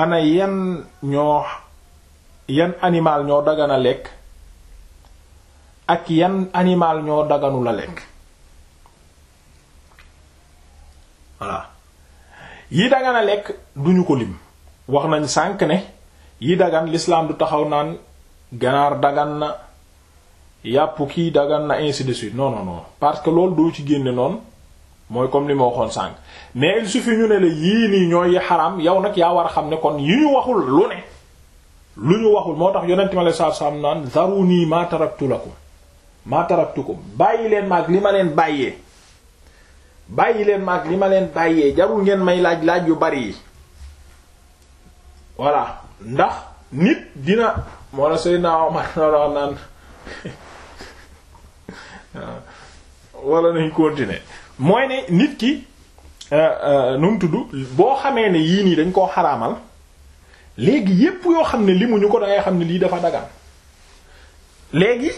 ana yan ñoo yan animal ñoo dagana lekk ak yan animal ñoo daganu la lekk voilà yi dagana lekk duñu ko lim wax nañ sànq ne yi dagan lislaam du taxaw naan ganaar dagan na yàpp kii dagan na ainsi de suite non non parce que loolu doo ci génne noonu mooy comme li ma waxoon sànq mais il suffit ñu ne la yii nii ñooy xaraam yow nag yaa war a xam ne kon yi ñu waxul lu ne lu ñu waxul moo tax yonent ma la saa saam naan zaruni ma taraktu lakum ma taraktukum bàyyi leen maag li ma leen bàyyee bàyyi leen maag li ma leen bàyyee jarul ngeen may laaj laaj yu bari yi voilà ndax nit dina moo la Seydina Omar naan wala nañ continuer mooy ne nit ki euh, euh, nu tudd boo xamee ne yii nii dañ koo xaraamal léegi yépp yoo xam ne limuñu ko da xam ne lii dafa dagan léegi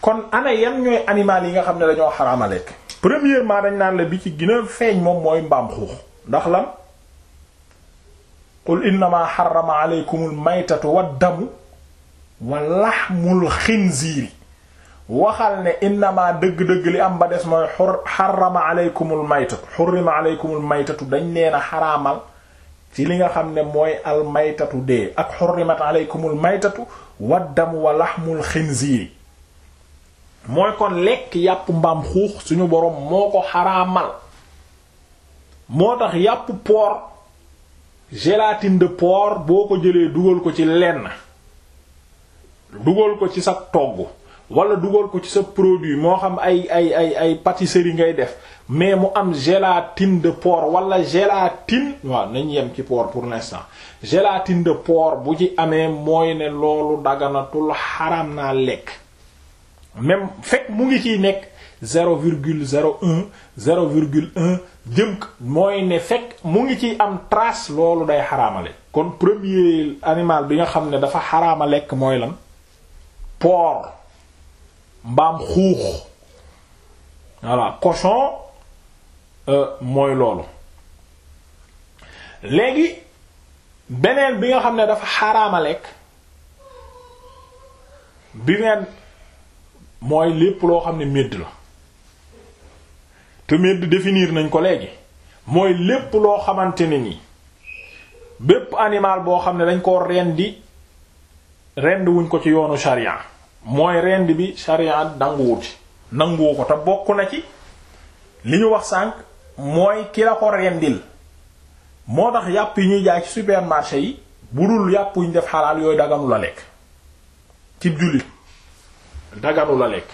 kon ana yan ñooy animal yi nga xam ne dañoo xaraama lekk premièrement dañ naan la bi ci gën feeñ moom mooy mbaam xuux ndax lan qul innama xarama aleykumul maytatu wa damu wa laxmul xinziiri waxal ne innama dëgg-dëgg li am ba des mooy xur xarama aleykumul maytatu xurrima aleykumul maytatu dañ leen a xaraamal ci li nga xam ne mooy al maytatu dee ak xurrimat aleykumul maytatu waddamu wa laxmul xinziiri mooy kon lekk yàpp mbaam xuux suñu boroom moo ko xaraamal moo tax yàpp porc gélatine de boo ko jëlee dugal ko ci lenn dugal ko ci sa togg wala dugal ko ci sa produit moo xam ay ay ay ay pâtisserie ngay def mais mu am gélatine de porc wala gélatine waaw nañ yem ci porc pour l'instant gélatine de porc bu ci amee mooy ne loolu daganatul xaram naa lekk même fekk mu ngi ciy nekk zéro virgule zéro virgule un mooy ne fekk mu ngi ciy am trace loolu day xaramale kon premier animal bi nga xam ne dafa xaraama lekk mooy lan porc mbaam xuux voilà cochon euh, mooy loolu léegi beneen bi nga xam ne dafa xaraama lekk bi ngeen mooy lépp loo xam ne médd la te médd définir nañ ko léegi mooy lépp loo xamante ne ni bépp animal boo xam ne dañ ko rendi rend wuñ ko ci yoonu sharia mooy rend bi chariat danguwuti ci nanguwu ko te bokk na ci li ñu wax sànq mooy ki la ko rendil moo tax yàpp yi ñuy jaay ci supermarché yi bu dul yàpp yu def xalaal yooyu daganu la lekk ci jullit daganu la lekk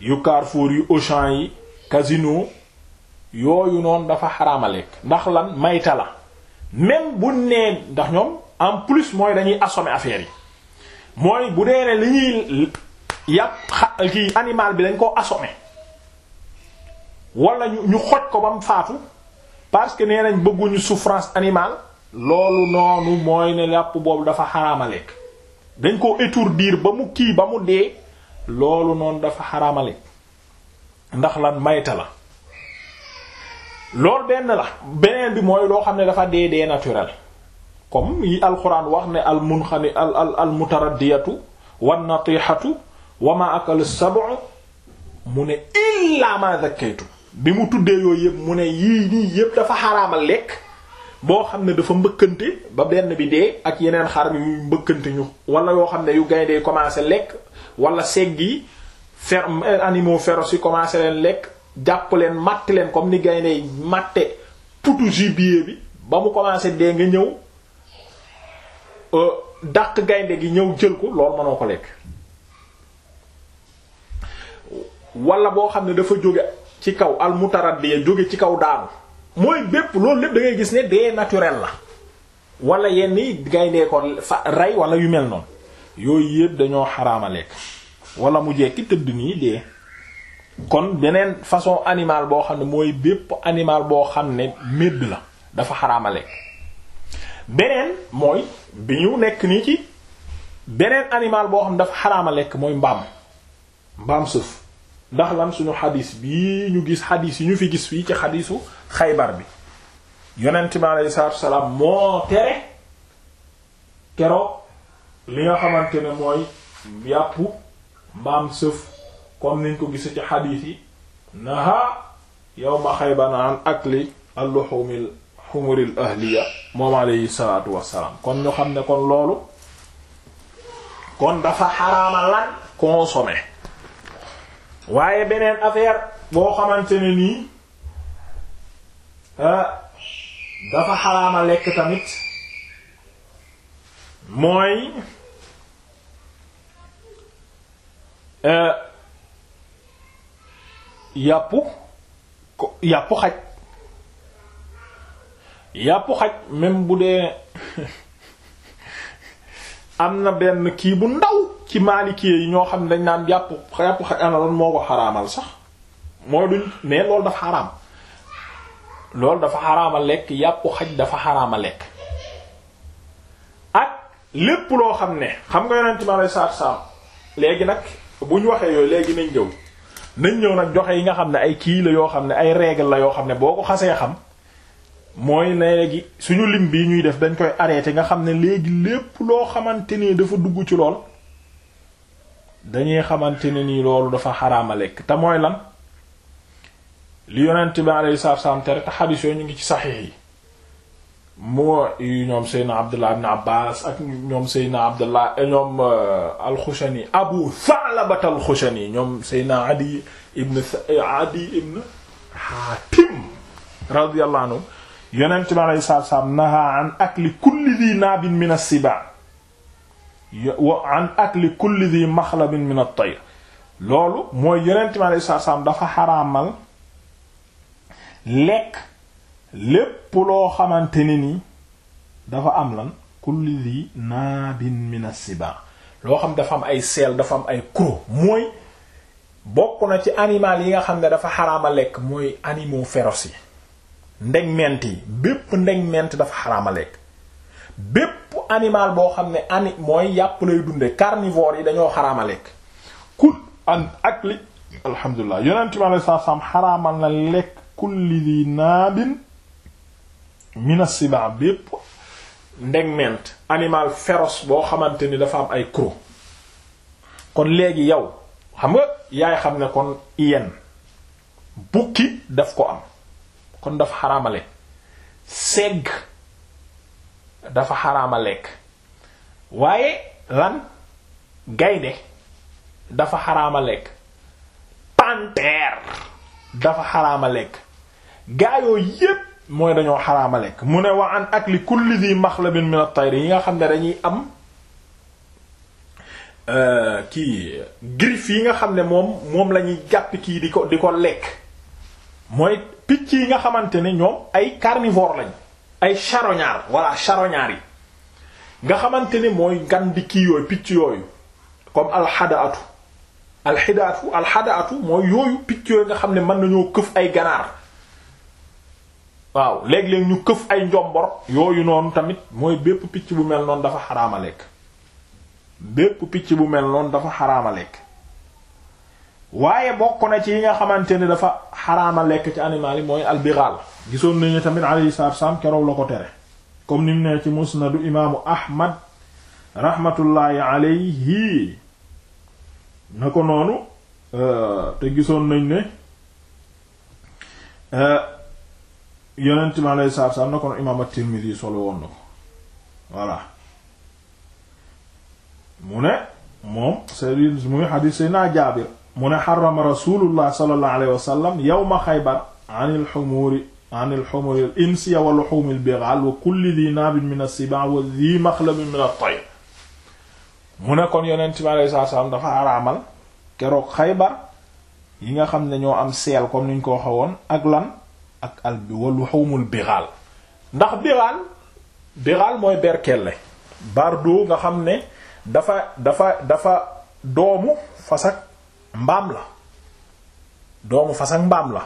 yu Carrefour yu Auchan yi Casino yooyu noonu dafa xaraama lekk ndax lan mayta la même bu nee ndax ñoom en plus mooy dañuy assommer affaire yi mooy bu dee ne li ñuy yàpp xa kii animal bi dañ koo assommé wala ñu ñu ko ba mu faatu parce que nee nañ bëgguñu souffrance animale loolu noonu mooy ne yàpp boobu dafa xaraama lekk dañ koo biir ba mu kii ba mu dee loolu noonu dafa xaraama lekk ndax lan mayta la loolu benn la beneen bi mooy loo xam ne dafa dee dee naturel comme yi alxuraan wax ne al munxani al al al mutaraddiyatu wan natihatu wa ma akal mu ne illa ma zakkaytu bi mu tuddee yooyu yëpp mu ne yii nii yëpp dafa xaraama lekk boo xam ne dafa mbëkkante ba benn bi dee ak yeneen xar bi yu mbëkkante ñu wala yoo xam ne yu gayndee commencé lekk wala segg yi fer animaux féroces si commencé leen lekk jàpp leen matt leen comme ni gayndee matte putu gibier bi ba mu commencé dee nga ñëw Euh, dàq gaynde gi ñëw jël ko loolu mënoo ko lekk walla boo xam ne dafa jóge ci kaw almutaraddiya jóge ci kaw daanu mooy bépp loolu lépp da gis ne dee naturel la walla yenn gayndee ko fa rey wala yu mel noonu yooyu yëpp dañoo xaraama lekk wala mu jekki tëdd nii dee kon beneen façon animal boo xam ne mooy bépp animal boo xam ne médd la dafa xaraama lekk beneen mooy bi ñu nekk nii ci beneen animal boo xam dafa xaraama lekk mooy mbaam mbaam sëf ndax lan suñu xadis bi ñu gis xadis yi ñu fi gis fii ci xadisu xaybar bi yonent bi aleyhi salaatu moo tere keroog li nga xamante ne mooy yàpp mbaam sëf comme niñ ko gise ci xadis yi naha yawma xaybar an akli al-luhumil humuril ahliya moom alayhi salaatu wassalaam kon ñu xam ne kon loolu kon dafa xaraama lan consommer waaye beneen affaire boo xamante ne nii ah, dafa xaraama lekk tamit mooy ah, yàppu yàppu xaj yàppu xaj même bu dee am na benn kii bu ndaw ci maalikee yi ñoo xam ne dañ naan yàpp yàpp xaj ana lan moo ko xaraamal sax mooy duñ mais loolu dafa xaraam loolu dafa xaraama lekk yàppu xaj dafa xaraama lekk ak lépp loo xam ne xam nga yonent mi alei saatu salaam léegi nag bu ñu waxee yooyu léegi nañ ñëw nañ ñëw nag joxe yi nga xam ne ay kii la yoo xam ne ay règle la yoo xam ne boo ko xasee xam mooy léegi suñu lim bi ñuy def dañ koy arrêté nga xam ne léegi lépp loo xamante ni dafa dugg ci lool dañuy xamante ne nii loolu dafa xaraama lekk te mooy lan li yonent bi alayhi salaatu salaam tere te xadiis yooyu ñu ngi ci saxiix yi moo ñoom Seydina Abdullah ibn Abbas ak ñoom Seydina Abdullah ñoom uh, al-Xushani Abu Tha'laba al ñoom seyna Adi ibn Adi ibn Hatim radiyallahu anhu yonent bi aleyhi salaatu salaam naha an akli kulli di naabin min as-sibaa wa an akli kulli di maxlabin min at-tayr loolu mooy yonent bi aleyhi salaatu salaam dafa xaraamal lekk lépp loo xamante ne ni dafa am lan kulli di naabin min as-sibaa loo xam dafa am ay seel dafa am ay croc mooy bokk na ci animal yi nga xam ne dafa xaraama lekk mooy animaux féroces yi ndeg ment yi bépp ndeg ment dafa xaraama lekk bépp animal boo xam ne ani mooy yàpp lay dunde carnivore yi dañoo xaraama lekk kul an ak li alhamdulilah yonent bi alei xaraamal na lekk kulli di naabin mina siba bépp ndeg animal féroce boo xamante ni dafa am ay croc kon léegi yow xam nga yaay xam ne kon iyeen bukki daf ko am kon dafa xaramale segg dafa xaraama lekk waaye lan gaynde dafa xaraama lekk panthère dafa xaraama lekk gaayoo yépp mooy dañoo xaraama lekk mu ne wa an akli kulli dhi maxlabin min at-tayr yi nga xam ne dañuy am euh, kii griffes yi nga xam ne moom moom la ñuy jàpp kii di ko di ko lekk mooy picc yi nga xamante ne ñoom ay carnivore lañ ay charognard voilà charognard yi nga xamante ne mooy ngan di kii yooyu picc yooyu comme alxadaatu alxidaatu alxadaatu mooy yooyu picc yooyu nga xam ne mën nañoo këf ay ganaar waaw léeg-léeg ñu këf ay njombor yooyu noonu tamit mooy bépp picc bu mel noonu dafa xaraama lekk bépp picc bu mel noonu dafa xaraama lekk waaye bokk na ci yi nga xamante ne dafa xaraama lekk ci animal yi mooy albiraal gisoon nañu tamit alayhi salaatu wassalaam keroog la ko tere comme ni mu ne ci musnadu imaamu ahmad rahmatullahi alayhi na ko noonu euh, te gisoon nañ ne euh, yonent mi alayhi salaatu wassalaam na ko noonu imaam solo woon na ko voilà mu ne moom seri muy xadiis say naa jaabir mu ne xarama rasulullah sallallahu alayhi wa sallam yawma xaybar anil xumuuri anil xumuuri al insiya wa luxuumil bigaal wa kulli di naabin min as-sibaa wa di maxlabin min at-tayr mu ne kon yonent bi salaam dafa araamal keroog xaybar yi nga xam ne ñoo am seel comme niñ ko xawoon ak lan ak al bi wa luxuumul bigaal ndax bigaal bigaal mooy berkelle bardo nga xam ne dafa dafa dafa doomu fasak mbaam la doomu fas ak mbaam la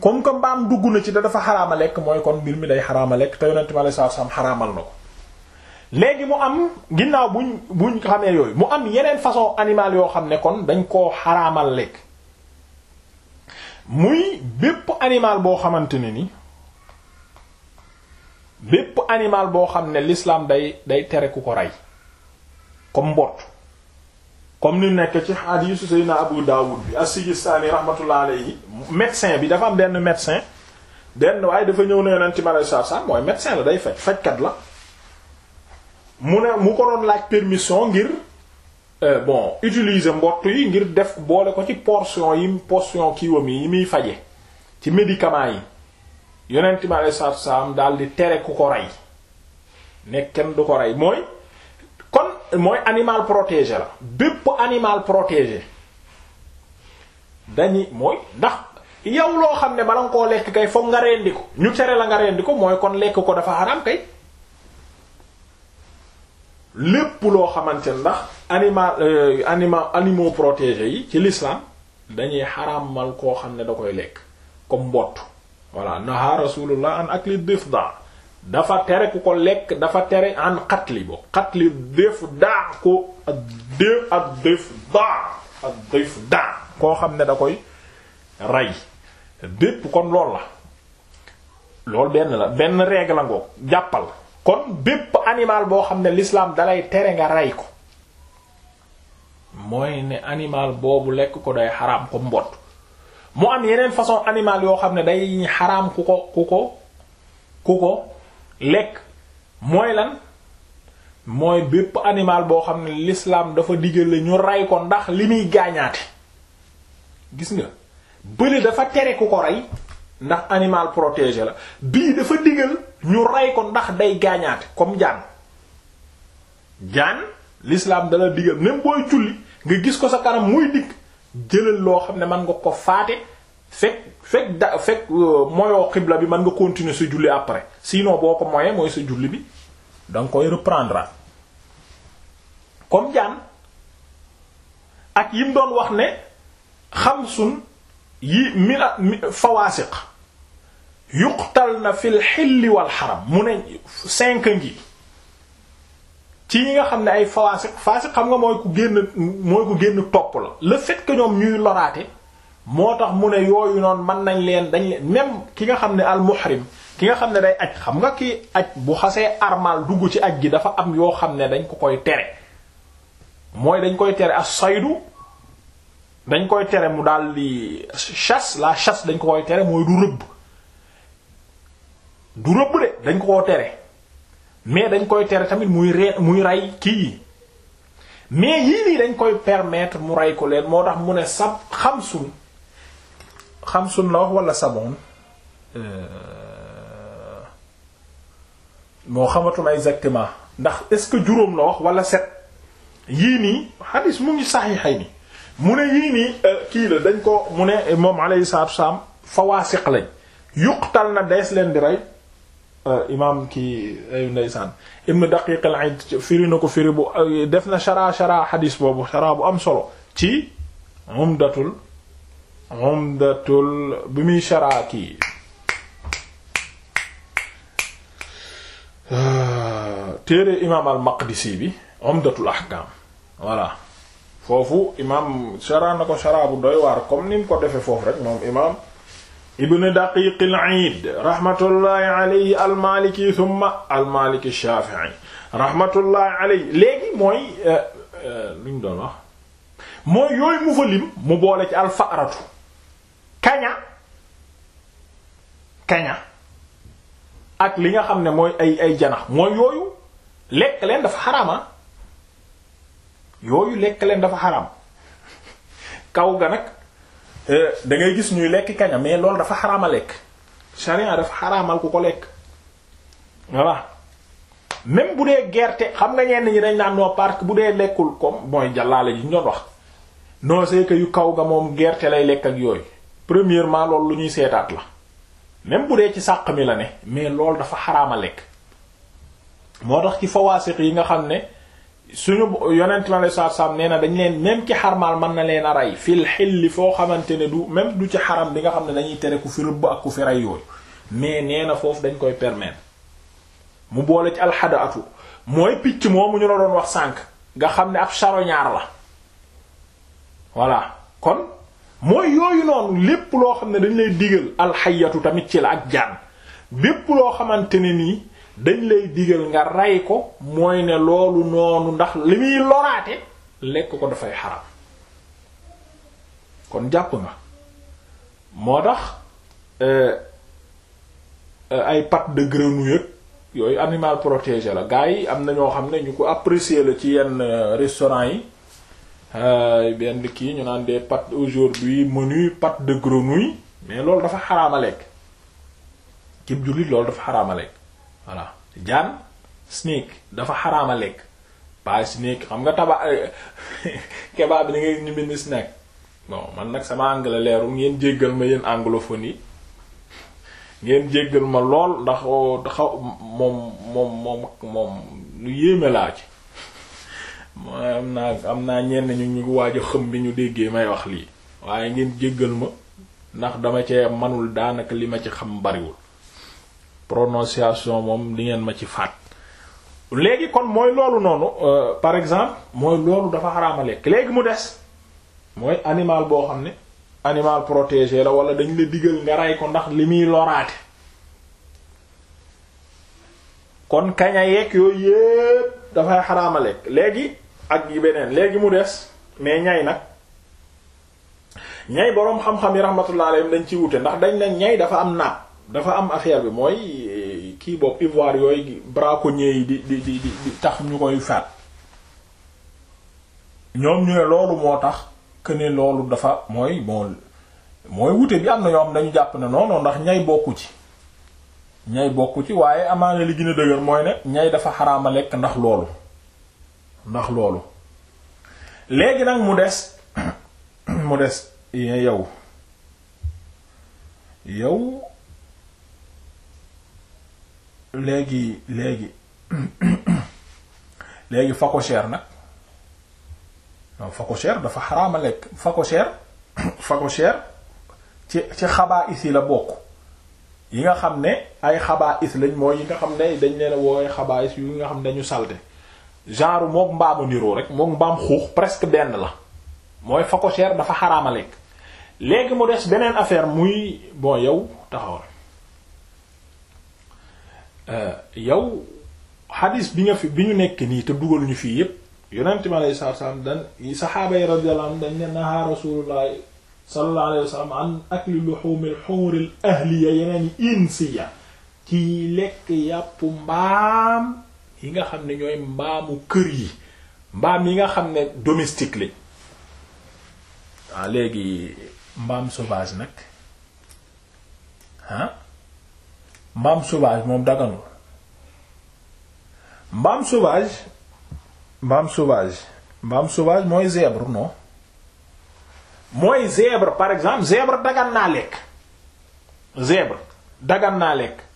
comme que mbaam dugg na ci da dafa xaraama lekk mooy kon mbir mi day xaraama lekk te yonent bi aleyhi salaatu salaam xaraamal na ko léegi mu am ginnaaw buñ buñ xamee yooyu mu am yeneen façon animal yoo xam ne kon dañ koo xaramal lekk muy bépp animal boo xamante ne ni bépp animal boo xam ne lislaam day day tere ku ko rey comme mbott comme ni nekk ci hadiisu na Abu Dawud bi as-Sijistaani rahmatullah alayhi médecin bi dafa am benn médecin benn waaye dafa ñëw ne yonent mi alayhi salaatu salaam mooy médecin la day faj fajkat la mu ne mu ko doon laaj permission ngir euh, bon utiliser mbott yi ngir def boole ko ci portion yi portion kiiwam yi yi muy faje ci médicament yi yonent mi alayhi salaatu salaam daal di tere ku ko rey ne kenn du ko rey mooy. mooy animal protégé la bépp animal protégé dañuy mooy ndax yow loo xam ne bala nga koo lekk kay foog nga rendi ko ñu tere la nga rendi ko mooy kon lekk ko dafa xaram kay lépp loo xamante ndax animal euh, animal animaux protégés yi ci l'islam dañuy xaramal koo xam ne da koy lekk comme mbott voilà naha rasulullah an akli difda dafa tere ku ko lekk dafa tere an xatli bo xatli def daa ko koo xam ne da koy rey bépp kon lool la lool benn la benn règle la ngoo jàppal kon bépp animal boo xam ne lislaam dalay tere nga rey ko mooy ne animal boobu lekk ko day xaraam ko mbott mu am yeneen façon animal yoo xam ne day xaraam ku ko ku ko lekk mooy lan mooy bépp animal boo xam ne lislaam dafa digale ñu rey ko ndax li muy gaañaate gis nga bële dafa tere ku ko rey ndax animal protégé la bii dafa digal ñu rey ko ndax day gaañaate comme jaan jaan lislaam dala digal même booy julli nga gis ko sa kanam muy dikk jëlal loo xam ne mën nga ko faate fekk fekk da fekk euh, moyoo xibla bi mën nga continuer sa julli après sinon boo ko moyee mooy sa julli bi da nga koy reprendre comme jaan ak yim doon wax ne xam xamsun yi mina fawaasiq yuqtal na fil xilli wal xaram mu ne cinq ngi ci ñi nga xam ne ay fawaasiq faasiq xam nga mooy ku génn mooy ku génn topp la le fait ñoom ñuy loraate moo tax mu ne yooyu noonu mën nañ leen dañ leen même ki nga xam ne al muhrim ki nga xam ne day aj xam nga ki aj bu xasee armal dugg ci aj gi dafa am yoo xam ne dañ ko koy tere mooy dañ koy tere as saydu dañ koy tere mu daal di chasse la chasse dañ ko koy tere mooy du rëbb du rëbb de dañ ko koo tere mais dañ koy tere tamit muy re muy rey kii mais yii nii dañ koy permettre mu rey ko leen moo tax mu ne sab xamsun xamsun la wax wala sabon euh, moo xamatul exactement ndax est-ce que juróom la wax wala set yii nii xadis mu ngi saxiixay ni mu ne yii euh, kii la dañ ko mu ne moom alayhi salaatu wasalaam fawaasiq lañ yuqtal na dees leen di rey euh, imaam kii ayu ndeysaan ibnu daqiq al-aid firi ko firi bu def na shara shara xadis boobu shara bu am solo ci umdatul umdatul bi muy sharaaki téere imaam foofu imaam shara na ko bu doy waar comme ni ko defe foofu rek moom imaam ibn daqiq al iid rahmatullahi alayhi al maliki al maliki shafii rahmatullahi alayhi mooy euh, euh, mooy yooyu mu fa mu boole ci al fa'ratu kaña kaña ak li nga xam ne mooy ay ay janax mooy yooyu lekk leen dafa xarama ah. yooyu lekk leen dafa xaraam kaw ga nag eh, da ngay gis ñuy lekk kaña mais loolu dafa xaraama lekk charia dafa xaraamal ku ko lekk voilà même bu dee gerte xam nga ñenn ñi dañ naan noo parce que bu dee lekkul comme mooy jàllaale ji ñu doon wax non yu kaw ga moom gerte lay lekk ak yooyu premièrement loolu lu ñuy seetaat la même bu dee ci sàq mi la ne mais loolu dafa xaraama lekk moo tax ci fawaasiq yi nga xam ne suñu yonent ma lay saat saam nee na dañ leen même ki xarmaal mën na leen a rey fil xilli foo xamante ne du même du ci xaram bi nga xam ne dañuy tere ku fi rëbb ak ku fi rey yooyu mais nee na foofu dañ koy permettre mu boole ci alxade atu mooy picc mu ñu la doon wax sànq nga xam ne ab ñaar la voilà kon mooy yooyu noonu lépp loo xam ne dañ lay digal alxayatu tamit ci la ak jaan bépp loo xamante ne nii dañ lay digal nga rey ko mooy ne loolu noonu ndax li muy loraate lekk ko dafay xaram kon jàpp nga moo tax euh, euh, ay pâtes de grenouille yooyu animal protégé la gars yi am na ñoo xam ne ñu ko apprécier la ci yenn euh, restaurant yi Euh, benn kii ñu naan des pâtes aujourd'hui menu pâte de grenouille mais loolu dafa xaraama lekk képp jullit loolu dafa xaraama lekk voilà jaan snake dafa xaraama lekk pas snake xam nga taba kebab bi dangay nga ñu bind snack bon man nag sama anglais leeru ngeen jéggal ma yéen anglophone yi ngeen jéggal ma lool ndax oh, xaw moom moom moom moom lu yéeme laa ci am naa am naa ñenn ñu ñu waaj a xëm bi ñu déggee may wax lii waaye ngeen jéggal ma ndax dama cee manul daanaka li ma ci xam bariwul prononciation moom li ngeen ma ci faat léegi kon mooy loolu noonu euh, par exemple mooy loolu dafa xaraama lekk léegi mu des mooy animal boo xam ne animal protégé la wala dañ la digal nga rey ko ndax li muy loraate kon kaña yeeg yooyu yépp dafay xaraama lekk léegi ak yi beneen léegi mu des mais ñay nag ñay boroom xam-xam yi rahmatullah alayhim dañ ci wute ndax dañ ne ñay dafa am naab dafa am affaire bi mooy eh, kii boobu ivoire yooyu braconnier yi di di di tax ñu koy faat ñoom ñu ne loolu moo tax que ne loolu dafa mooy bon mooy wute bi am na ñoom dañu jàpp ne noonu ndax ñay bokku ci ñay bokku ci waaye amaana yi gën a dëgër mooy ne ñay dafa xaraama lekk ndax loolu ndax loolu léegi nag mu des mu des yow yow léegi léegi léegi facochère nag non facochère dafa xaraama lekk facochère facochère ci ci xabaa is yi la bokk yi nga xam ne ay xabaa is lañ mooy yi nga xam ne dañ leen woowe xabaa is yu nga xam ne dañu salte genre mook mbaamu niroo rek mook mbaam xuux presque benn la mooy fa ko cher dafa xaraama lekk léegi mu des beneen affaire muy bon yow taxawal euh, yow xadis bi nga fi bi ñu nekk nii te dugal ñu fii yépp yonent mi alayhi salaatu salaam dan saxaaba yi radiyallahu anhum dañ ne naha rasulullahi sallallahu alayhi wa sallam an akli ahliya yeneen insiya ci lekk yàpp mbaam yi nga xam ne ñooy mbaamu kër yi mbaam yi nga xam ne domestique lañ waaw léegi mbaam sauvage nag ah mbaam sauvage moom daganul mbaam sauvage mbaam sauvage mbaam sauvage mooy zèbre non mooy zèbre par exemple zèbre dagan naa lekk zèbre daggan naa lekk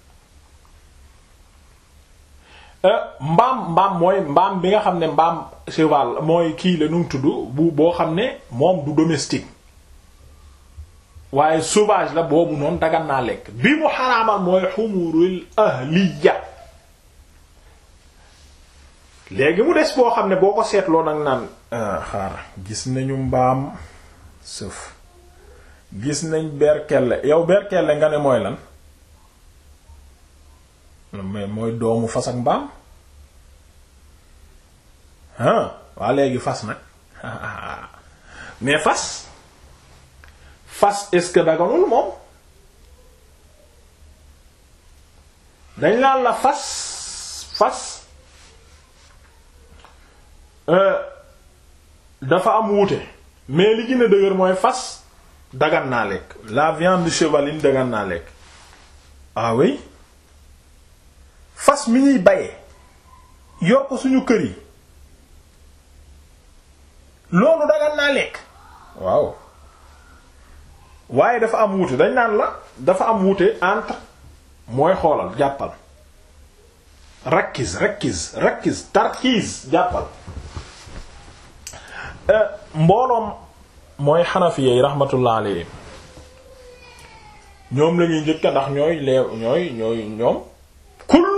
Euh, mbaam mbaam mooy mbaam bi nga xam ne mbaam cheval mooy kii la nu tudd bu boo xam ne moom du domestique waaye sauvage la boobu noonu dagan naa lekk bi mu xaraamal mooy xumurul ahliya léegi mu des boo xam ne boo ko seetloo nag naan ah, xaar gis nañu mbaam sëf gis nañ berkelle yow berkelle nga ne mooy lan mais mooy doomu fas ak mbaam ah waa léegi fas nag mais fas fas est daganul moom dañ laan la fas fas euh, dafa am wuute mais li gën a dëgër mooy fas dagan naa lekk la viande chevaline dagan naa lekk ah oui fas mi ñuy bayee yor ko suñu kër yi loolu dagan naa lekk waaw waaye dafa am wuute dañ naan la dafa am wuute entre mooy xoolal jàppal rakkis rakkis rakkis tarkiis jàppal euh, mbooloom mooy xanafi yi rahmatullah alayhim ñoom la ñuy njëkk ndax ñooy lee ñooy ñooy ñoom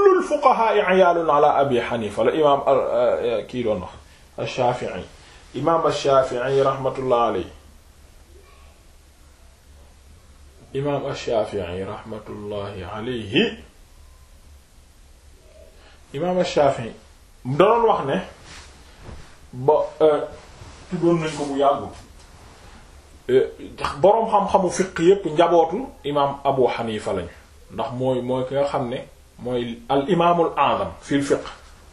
kullul fuqahaa iyaalun ala abi xanifa la imaam eh, kii doon wax ash-Shaafi'i imaam ash-Shaafi'i rahmatullah alayhi imaam ash-Shaafi'i rahmatullahi alayhi imaam ash-Shaafi'i doon wax ne ba eh, tuddoon nañ ko bu yàggul eh, boroom xam-xamu fiq yépp njabootu imaam Abu Xanifa lañu ndax mooy mooy ki nga xam ne mooy al imaamul a'zam fil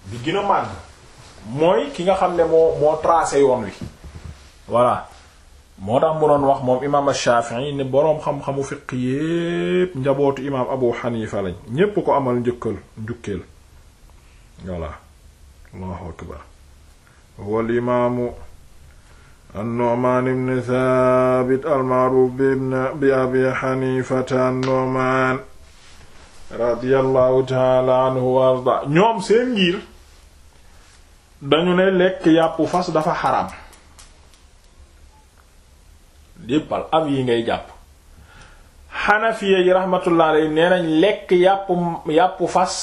bi gën a mooy ki nga xam ne moo moo tracé yoon wi voilà moo tax mu doon wax moom imaam Shaafi'i ne boroom xam-xamu fiqh yépp njabootu imaam Abu Hanifa lañ ñépp ko amal njukkeel voilà Allahu akbar huwa al imaamu an Thaabit al-ma'ruuf bi Abi Hanifata an-Nu'maan radiyallahu taala arda ñoom seen ngir dañu ne lekk yàpp fas dafa xaraam déppal am yi ngay jàpp xanafiya yi rahmatullah alayhi nee nañ lekk yàpp yàpp fas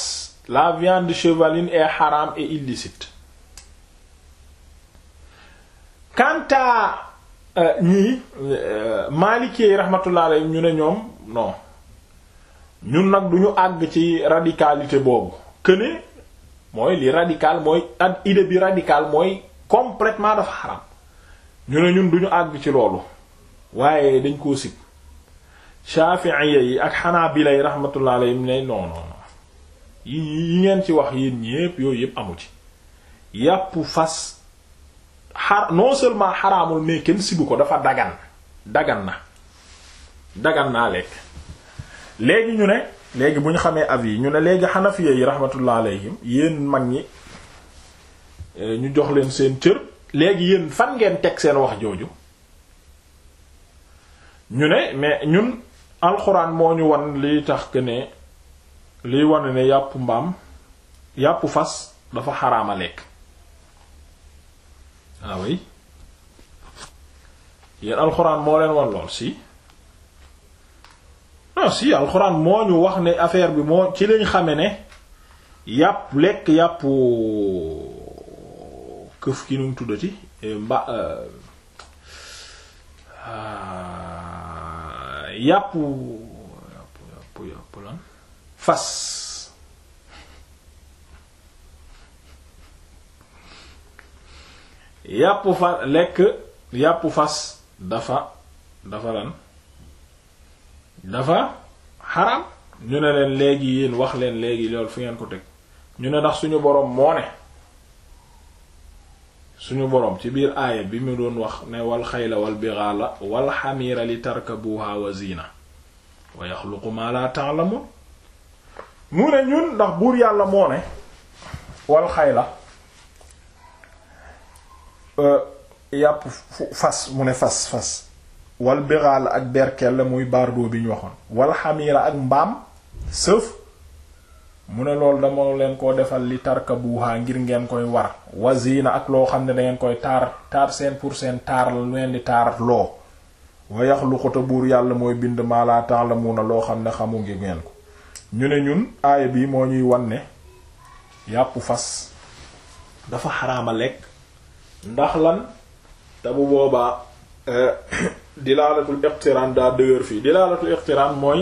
la viande chevaline est haram et illicite quant à euh, ñii euh, maalikee yi rahmatullah alayhi ñu ne ñoom non ñun nag du ñu àgg ci radicalité boobu que mooy li radical mooy ak idée bi radical mooy completement dafa xaram ñu ne ñun duñu àgg ci loolu waaye dañ koo sib Shafi'iyya yi ak Hanabila yi rahmatullah alayhim ne non non non yi yi ngeen ci wax yéen ñépp yooyu yépp amu ci yàpp fas xar noo seulement xaraamul mais kenn sibu ko dafa dagan dagan na dagan naa lekk léegi ñu ne léegi bu ñu xamee avis yi ñu ne léegi xanafiya yi rahmatullah alayhim yéen mag ñi eh, ñu jox leen seen cër léegi yéen fan ngeen teg seen wax jooju ñu ne mais ñun alxuraan moo ñu wan liy tax que ne liy wan ne yàpp mbaam yàpp fas dafa xaraama lekk waaw ah yéen alxuraan moo leen won lool si si alxuraan moo ñu wax ne affaire bi moo ci lañ xame ne yàpp lekk yàppu këf ki nu mu tuddati eh, mba eh, ah, yàpp yàpp yàpp lan fas yàpp fas lekk yàpp fas dafa dafa lan dafa xaram ñu ne leen léegi yéen wax leen léegi loolu fu ngeen ko teg ñu ne ndax suñu boroom moo ne suñu boroom ci biir aaya bi mu doon wax ne wal xayla wal bighala wal xamiira li tarkabuha wa zina wa yaxluqu ma la ta'lamun mu ne ñun ndax buur yàlla moo ne wal xayla euh, yàpp fas mu ne fas fas wal biraal ak berkel la muy bardo bi ñu waxoon wal xamiira ak mbaam sëf mu ne loolu dama leen koo defal li tarka tarkabuha ngir ngeen koy war wazina ak loo xam ne dangeen koy taar taar seen pour seen taar lu leen di taar loo wa yaxluqu te buur yàlla mooy bind maa laa na loo xam ne xamu ngi ngeen ko ñu ne ñun aaya bi moo ñuy wan ne yàpp fas dafa xaraama lekk ndax lan te bu boobaa euh, dilaalatul iqtiraan daa dëgër fii dilaalatul iqtiraan mooy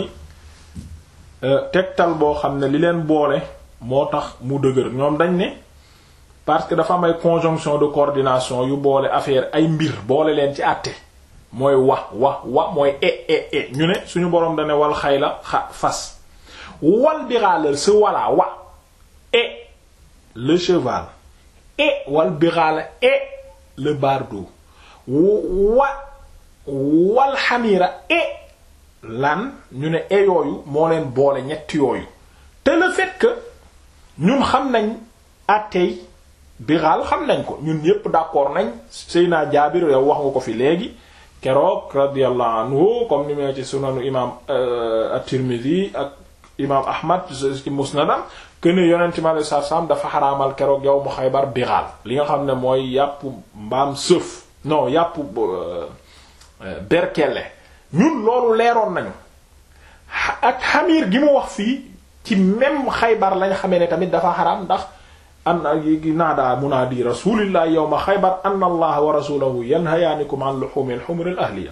euh, tegtal boo xam ne li leen boole moo tax mu dëgër ñoom dañ ne parce que dafa am ay conjonction de coordination yu boole affaire ay mbir boole leen ci àtte mooy wa wa wa mooy e e e ñu ne suñu boroom dane wal xay la xa fas wal biraala sa wala wa e le cheval e wal biraala e le bardo wa wal xamiira e lan ñu ne e yooyu moo leen boole ñetti yooyu te le fait ñun xam nañ àtteey biraal xam nañ ko ñun yépp d'accord nañ Seyna Jaabir yow wax nga ko fi léegi keroog radiyallahu anhu comme ni mee ci sunanu imam euh, at-Tirmidhi ak imam Ahmad ci musnadam kuene yonente mi alei satu salaam dafa xaramal keroog yow mu Xaybar biraal li nga xam ne mooy yàpp mbaam sëf no yàpp euh, Euh, berkelle ñun loolu leeroon nañu ak xamir gi mu wax fii ci même xaybar lañ xamee ne tamit dafa xaraam ndax an naada munaadi rasulillahi yawma xaybar anna allaha wa rasulahu yanhayaanikum an luhumi al-humri al-ahliya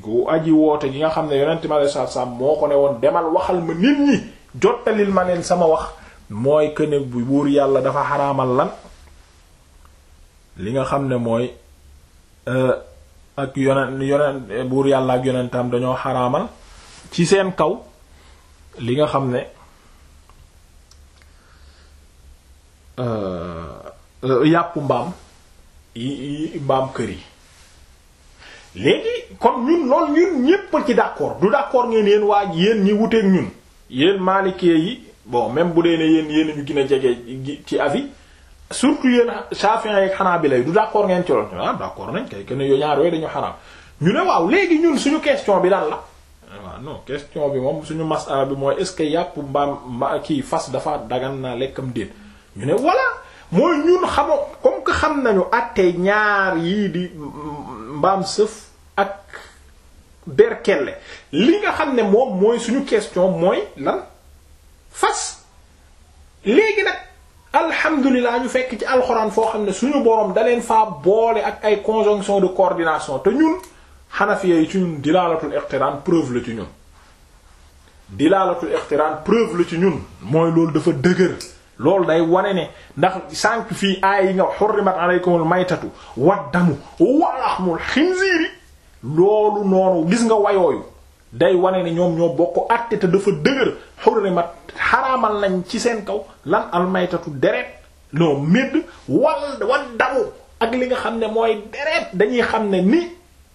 gu aji woote gi nga xam ne yonente mi alei satu salaam moo ko ne woon demal waxal ma nit ñi jottalil ma leen sama wax mooy këne bu buur yàlla dafa xaraamal lan li nga xam ne mooy euh, ak yonent yonent buur yàlla ak yonentam dañoo xaraamal ci seen kaw li nga xam ne euh, yàppu mbaam yi mbaam kër yi léegi kon ñun lool ñun ñépp ci d'accord du d'accord ngeen yéen waa yéen ñi wuteeg ñun yéen maalikee yi bon même bu dee ne yéen ñu gën jege ci avis surtout yéen Shafi'i yeeg Hanabila yi du d'accord ngeen ci loolu ah d'accord nañ kay que ne yooyu ñaar yooyu dañu xaraam ñu ne waaw léegi ñun suñu question bi lan la. waaw ah, non question bi moom suñu masala bi mooy est-ce que yàpp mbaam mba kii fas dafa dagan naa lekkam déet ñu ne voilà mooy ñun xamoo comme que xam nañu àttee ñaar yi di mbaam sëf ak berkelle li nga xam ne moom mooy suñu question mooy lan fas léegi nag. alhamdulilah ñu fekk ci alxuraan foo xam ne suñu borom da leen faa boole ak ay conjonction de coordination te ñun xanafiya yi ci ñun dilaalatul iqtiraan preuve la ci ñun dilaalatul iqtiraan ci ñun mooy loolu dafa dëgër loolu day wane ne ndax sànq fii aay yi nga xurrimat aleykumul maytatu waddamu wa lahmul xinziiri loolu noonu gis nga wayooyu day wane ne ñoom ñoo bokk àtte te dafa dëgër xurrimat xaraamal nañ ci seen kaw lan almaytatu deret noo médd wal wal damu ak li nga xam ne mooy deret dañuy xam ne ni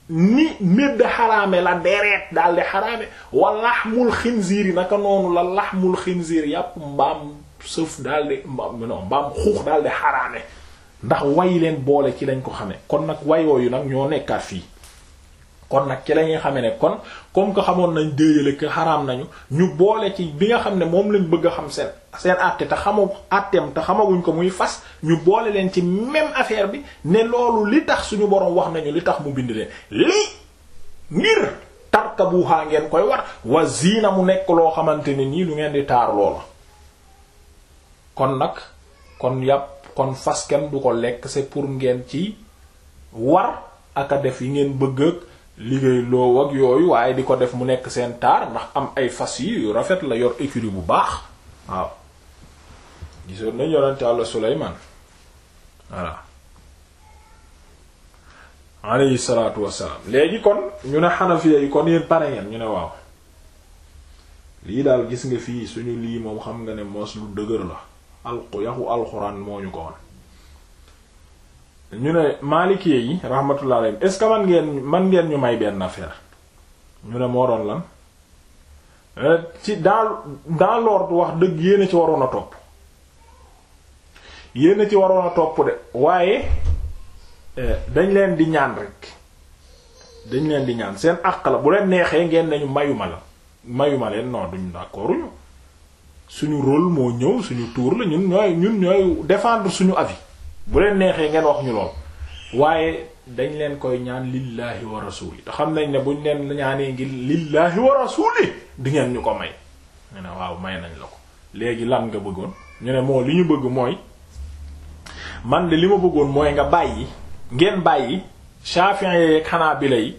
ni médd xaraame la deret daal di xaraame wa laxmul xinziir yi naka noonu la laxmul xinziir yàpp mbaam sëf daal di non mbaam xuux daal di xaraame ndax way leen boole ci lañ ko xamee kon nag wayooyu nag ñoo nekkaat fii kon nag ci la ñuy xamee ne kon comme que xamoon nañ déeyale que nañu ñu boole ci bi nga xam ne moom lañ bëgg a xam seen seen àtte xamu àtteem xamaguñ ko muy fas ñu boole leen ci même affaire bi ne loolu li tax suñu boroom wax nañu li tax mu bind leen lii koy war wa ziina mu nekk loo xamante ne nii lu ngeen di taar kon nag kon yàpp kon fas kenn du ko lekk c'est pour ngeen ci war ak a def yi ngeen bëgg ak liggéey loo ak yooyu waaye di ko def mu nekk seen taar ndax am ay fas yi yu rafet la yor écurie bu baax waaw gisoon nañ yonente Yàlla Suleymaan voilà alayhi salaatu wassalaam léegi kon ñu ne xanafiya yi kon yéen pare ngeen ñu ne waaw lii daal gis nga fii suñu lii moom xam nga ne moos lu dëgër la alqu yaxu alxuraan moo ñu ko woon ñu ne maalikee yi rahmatullah alayhi est-ce que man ngeen man ngeen ñu may benn affaire ñu ne moo doon lan euh, ci dans dans l'ordre wax dëgg yéen ci waroon a topp yéen ci waroon a topp de waaye euh, dañ leen di ñaan rek dañ leen di ñaan seen àq la bu leen neexee ngeen nañu mayuma la mayuma leen non duñ d'accord suñu rôle moo ñëw suñu tuur la ñun ñooy ñun ñooy défendre suñu avis bu leen neexee ngeen wax ñu lool waaye dañ leen koy ñaan lillaahi wa rasuli te xam nañ ne buñ leen ñaanee ngir lillaahi wa rasuli di ngeen ñu ko may waaw may nañ la ko léegi lan nga bëggoon ñu ne moo li ñu bëgg mooy man de li ma bëggoon mooy nga bàyyi ngeen bàyyi Shafi'i xanaa Hanabila yi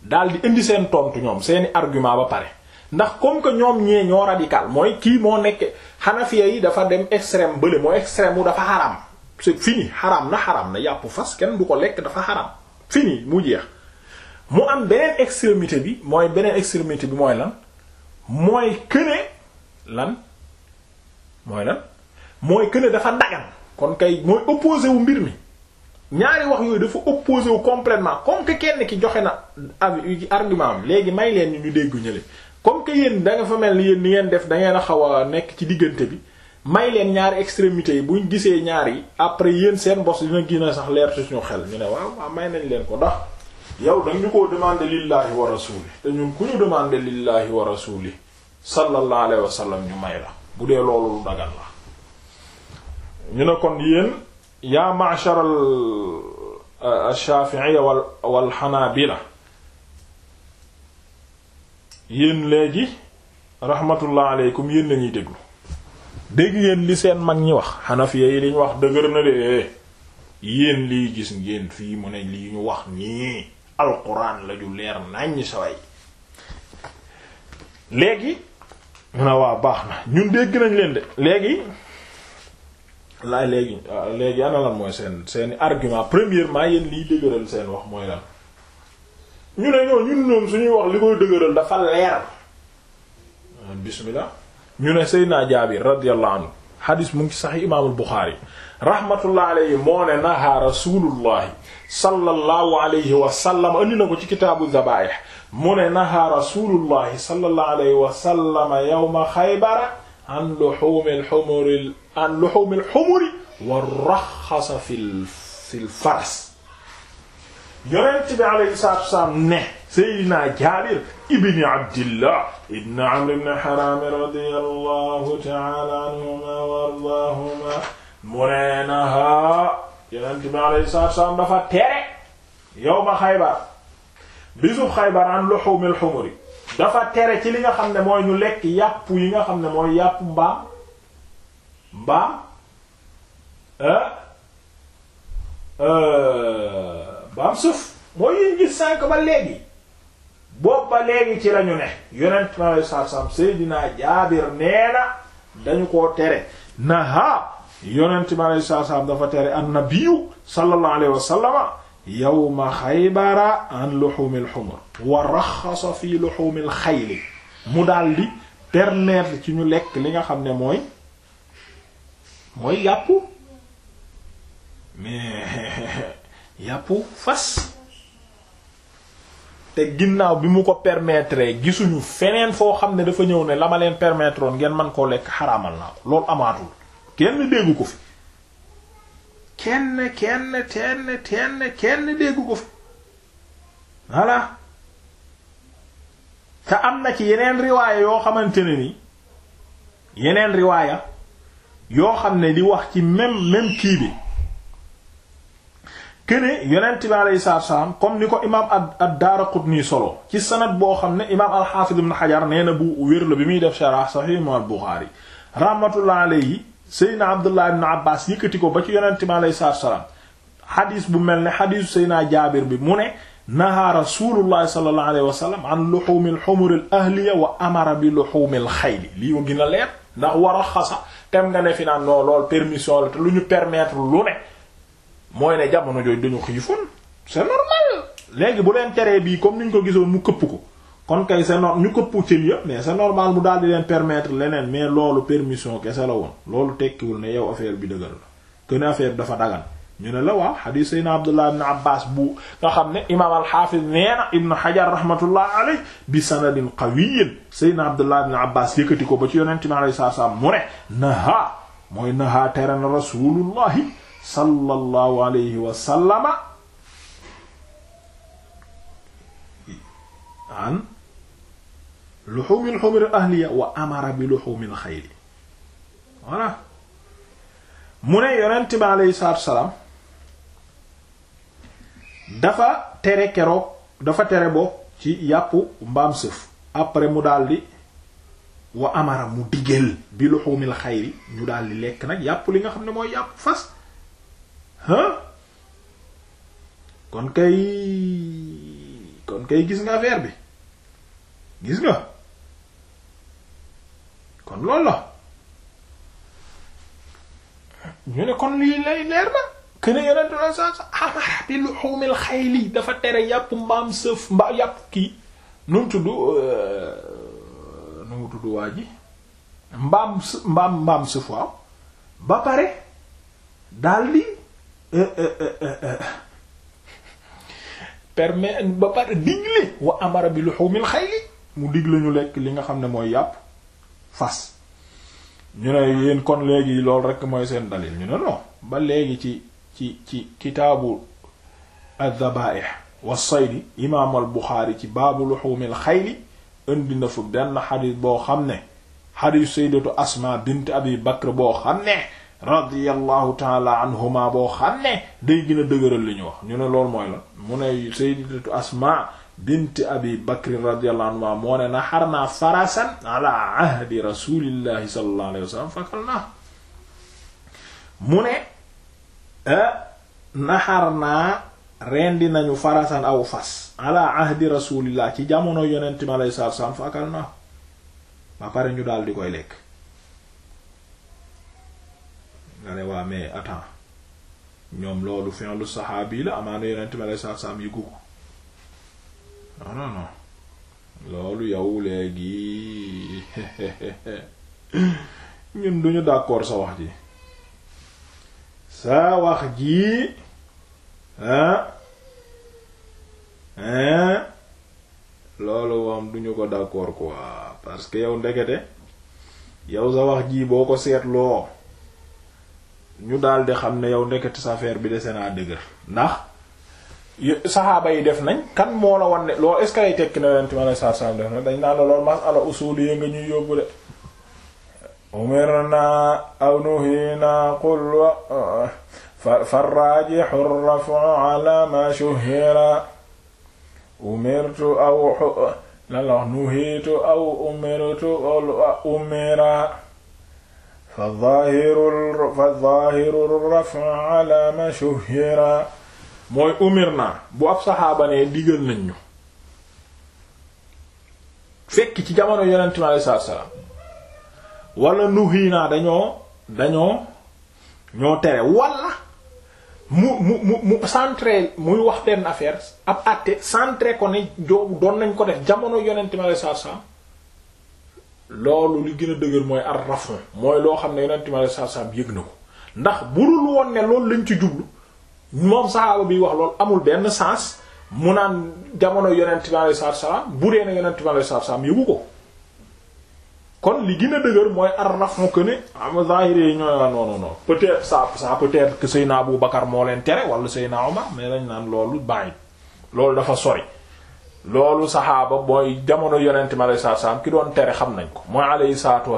daal di indi seen tontu ñoom seeni argument ba pare ndax comme que ñoom ñee ñoo radical mooy kii moo nekk Hanafiya yi dafa dem extrême bële mooy extrême wu dafa xaram parce c'est fini xaraam na xaraam na yàpp fas kenn du ko lekk dafa xaraam fini mu jeex mu am beneen extrémité bi mooy beneen extrémité bi mooy lan mooy këne lan mooy lan mooy këne dafa dagan kon kay mooy opposé wu mbir mi ñaari wax yooyu dafa opposé wu complètement comme que kenn ki joxe na argument am léegi may leen ñu déggu ñële comme que yéen da nga fa mel ni yéen ni ngeen def da ngeen a xaw a nekk ci diggante bi may leen ñaari extrémité yi bu buñ gisee ñaari après yéen seen bos dina gën a sax leer ci suñu xel ñu ne waaw may nañ leen ko ndax yow dañ ñu koo demander lillahi wa rasuli te ñun ku ñu demander lillahi wa rasuli sallallahu alayhi wa sallam ñu may la bu dee loolu lu la ñu ne kon yéen yaa ma'shar al-shafi'iyya euh, wal wal la yéen léegi rahmatullah aleykum yéen lañuy déglu dégg ngeen li seen mag ñi wax xanafiya yi liñ wax dëgër na de yéen lii gis ngeen fii mu ne lii ñu wax nii alquran la ju leer naññ saway léegi mu ne waa baax na ñun dégg nañ leen de léegi laa léegi ah, léegi ana lan mooy seen seeni argument premièrement yéen liy dëgëral seen wax mooy lan ñu ne ñoo ñun ñoom suñuy wax li koy dëgëral dafa leer bismillah ñu ne Seydina Jaabir radiyallahu anhu xadis mu ngi sax imaamul Buxaari rahmatullah alayhi moo ne nahaa rasulullahi sallallahu alayhi wa sallam andi na ko ci kitaabu zabaih mu ne nahaa rasulullahi sallallahu alayhi wa sallam yawma xaybara an luxuumil xumuri an luxuumil xumuri wa raxasa fil fil faras yonent bi alayhi salaatu wa salaam ne Seydina Jaabir ibn Abdillah ibn Amr ibn Haram radiyallahu ta'ala anhuma wa mu nee na ha Yonent bi dafa tere yawma Xaybar bisu Xaybar an luhuumil humuri dafa tere ci li nga xam ne mooy ñu lekk yàpp yi nga xam ne mooy yàpp ba mbaam eh, eh, mbaam suuf mooy yi gis sànk ba léegi boobu ba léegi ci lañu ne yonent na saa sam Seydina Jaabir nee na dañu koo tere naha yonent na saa sam dafa tere annabiyu sallallahu alayhi wa sallama yawma xaybara an luhumil humr wa raxasa fi luhumil xayli mu daldi permettre ci ñu lekk li nga xam ne mooy mooy yàppu mais yàppu fas te ginnaaw bi mu ko permettre gisuñu feneen foo xam ne dafa ñëw ne la ma leen permettre ngeen man koo lekk xaraamal naa ko loolu amaatul kenn déggu ko fi kenn kenn kenn kenn kenn déggu ko fi voilà te am na ci yeneen riwaaya yoo xamante ne ni yeneen riwaaya yoo xam ne di wax ci même même kii bi këne yonent bi alayhi salaam comme ni ko imaam ad-Daaraqutni solo ci sanad boo xam ne imaam al-Haafiz ibn Hajar nee na bu wér bi muy def sharh Sahih imaam al-Buxaari rahmatullah alayhi Seydina Abdullah ibn Abbaas yëkkati ko ba ci yonent bi alayhi salaam xadiis bu mel ne xadiisu Seydina Jaabir bi mu ne nahaa rasuulullahi sallallahu alayhi wa sallam an luhuumil humuril ahliya wa amara bi luhuumil xayli lii ko gën a leer ndax war a xasa tem nga ne fi naan lool permission lu ñu permettre lu ne mooy ne jamono jooju dañu xiifoon c'est normal léegi bu leen teree bii comme ñu ko gisoon mu këpp ko kon kay c'est normal ñu këpp cin yëpp mais c'est normal mu daal di leen permettre leneen mais loolu permission kese la woon loolu tekkiwul ne yow affaire bi dëgër la que ne bi dafa dagan ñu ne la waaw xadiis sayna Abdullah ibn Abbas bu nga xam ne imaam al-Hafiz neena ibn Hajar rahmatullah alay bi sanadin qawiyyin sayna Abdullah ibn Abbas yëkkati ko ba ci yonente mi alayhi salaam mu ne naha mooy naha tere na rasulullahi sallallahu alayhi wa sallama an luxumil xumir ahliya wa amara bi luxumil xayri mu ne yonent bi alayhi salaatu salaam dafa tere keroog dafa tere bokk ci yàppu mbaam sëf après mu daldi wa amara mu digal bi luxumil xayri ñu di lekk nag yàpp li nga xam ne mooy yàpp fas kon kay kon kay gis nga affaire bi gis nga kon loolu la ñu ne kon lii lay leer na kene yenentu la sa amara bi ah, luxumil xayli dafa tere yàpp mbaam sëf mba yàpp kii nu mu tudd euh, nu mu tudd waa ji mbaam mbaam sëf waaw ba pare daldi Euh, euh, euh, permet ba pare digle wa amara bi luhumil xayli mu digle ñu lekk li nga xam ne mooy yàpp fas ñu ne yéen kon léegi loolu rekk mooy seen dalil ñu ne non ba léegi ci ci ci kitaabu ad-dabaa'ih wa saydi imaam al ci baabu luhumil xayli indi na fu benn xadis boo xam ne xadisu sayyidatu Asma bint Abi Bakr boo xam ne radiyallahu taala anhuma boo xam ne day gën a li ñu wax ñu ne loolu mooy la mu ne sayyidatu asma bint abi bakr radiyallahu anhuma moo ne naharna farasan ala ahdi rasulillahi sallallahu alayhi wasallam fakalna mu eh, nañu farasan aw fas ahdi rasulillah ci jamono yonent mi alayhi salaatu wasallam fakalna ba pare ñu daal di koy lekk nga ne waa mais attends ñoom loolu fin lu saxaabi la amaana yonent mi aleyhi salaatu salaam yëgu ko non non loolu yow gi ñun duñu d'accord sa wax ji sa wax ji ah hein loolu moom duñu ko d'accord quoi parce que yow ndekete yow sa wax ji boo ko seetloo ñu daal di xam ne yow ndekete sa affaire bi dese naa dëgër ndax saxaaba yi def nañ kan moo la wan ne loolu est ce masala usuli nga ñuy yóbbu de. umirna aw nuhina qul wa farrajihu rafu ala shuhira umirtu aw lan aw umira fa zaahiru fa zaahiru rafa ala shuhira mooy umir naa bu ab saxaaba ne digal nañ ñu fekk ci jamono yonent mi alayhi salaatu salaam wala nuhi naa dañoo dañoo ñoo tere wala mu mu mu mu centré muy wax benn affaire ab àtte centre ko ne joobu doon nañ ko def jamono yonent mi alayhi salaatu loolu li gën a dëgër mooy ar rafon mooy loo xam ne yonent mi saa saam yëg na ko ndax burul woon ne loolu lañ ci jublu moom saxaaba bi wax loolu amul benn sens mu naan jamono yeneen mi saa saam bu dee ne yonent yëgu ko kon li gën a dëgër mooy ar rafon que ne am ah, zahiri yi ñooy non non non peut-être ça ça peut-être que Seyna Bakar moo leen tere wala naa Omar mais lañ naan loolu bàyyi loolu dafa sori. loolu saxaaba booy jamono yonent mi alayhi salaatu wasalaam ki doon tere xam nañ ko mooy alayhi salaatu